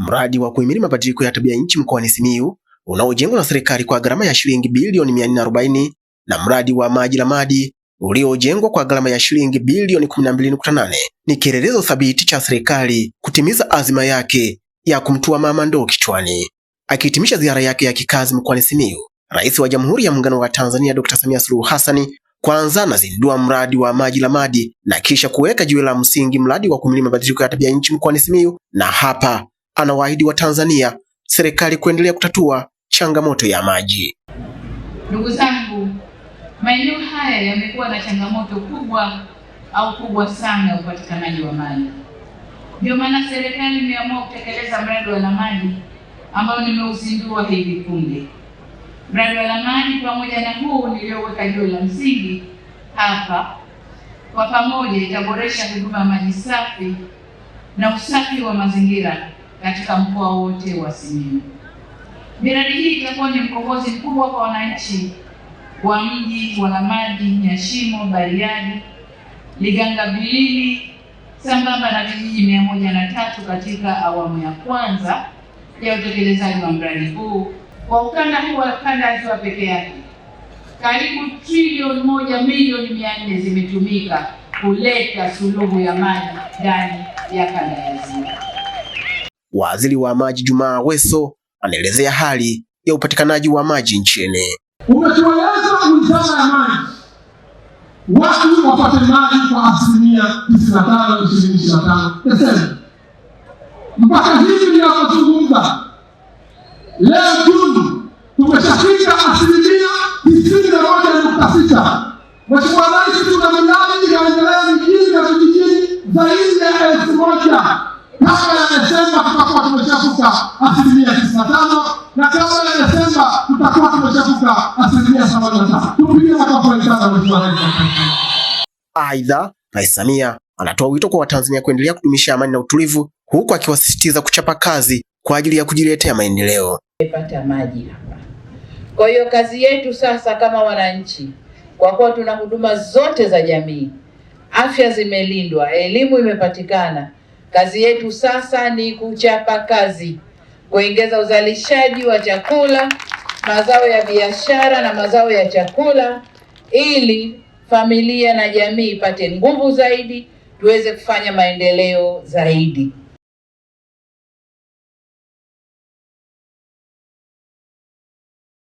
Mradi wa kuhimili mabadiliko ya tabia nchi mkoani Simiyu unaojengwa na serikali kwa gharama ya shilingi bilioni 440 na mradi wa maji la Madi uliojengwa kwa gharama ya shilingi bilioni 12.8 ni kielelezo thabiti cha serikali kutimiza azima yake ya kumtua mama ndoo kichwani. Akihitimisha ziara yake ya kikazi mkoani Simiyu, Rais wa Jamhuri ya Muungano wa Tanzania Dr. Samia Suluhu Hassan kwanza anazindua mradi wa maji la Madi na kisha kuweka jiwe la msingi mradi wa kuhimili mabadiliko ya tabia nchi mkoani Simiyu, na hapa anawaahidi Watanzania serikali kuendelea kutatua changamoto ya maji. Ndugu zangu, maeneo haya yamekuwa na changamoto kubwa au kubwa sana ya upatikanaji wa maji. Ndio maana serikali imeamua kutekeleza mradi wa Lamadi ambao nimeuzindua hivi punde. Mradi wa Lamadi pamoja na huu niliyoweka jiwe la msingi hapa, kwa pamoja itaboresha huduma ya maji safi na usafi wa mazingira katika mkoa wote wa Simiyu. Miradi hii itakuwa ni mkombozi mkubwa kwa wananchi wa mji wa Lamadi, Nyashimo, Bariadi, Liganga Bilili sambamba na vijiji mia moja na tatu katika awamu ya kwanza ya utekelezaji wa mradi huu kwa ukanda huu wa kanda ya Ziwa peke yake karibu trilioni moja milioni mia nne zimetumika kuleta suluhu ya maji ndani ya kanda ya Ziwa. Waziri wa Maji Jumaa Weso anaelezea hali ya upatikanaji wa maji nchini. Umetueleza wizara ya maji watu wapate maji kwa asilimia 95 25 mpaka hivi ninapozungumza leo Juni tumeshafika asilimia tisini na moja nukta sita. Mheshimiwa Rais, tuna miradi ya mijini na vijijini zaidi ya elfu moja kama tumechafuka asilimia tisini na tano na kama ya Desemba tutakuwa tumechafuka asilimia sabini na tano. Tupige makofi sana mheshimiwa rais. Aidha, Rais Samia anatoa wito kwa Watanzania kuendelea kudumisha amani na utulivu, huku akiwasisitiza kuchapa kazi kwa ajili ya kujiletea maendeleo. Tumepata maji hapa, kwa hiyo kazi yetu sasa kama wananchi, kwa kuwa tuna huduma zote za jamii, afya zimelindwa, elimu imepatikana Kazi yetu sasa ni kuchapa kazi, kuongeza uzalishaji wa chakula, mazao ya biashara na mazao ya chakula, ili familia na jamii ipate nguvu zaidi, tuweze kufanya maendeleo zaidi.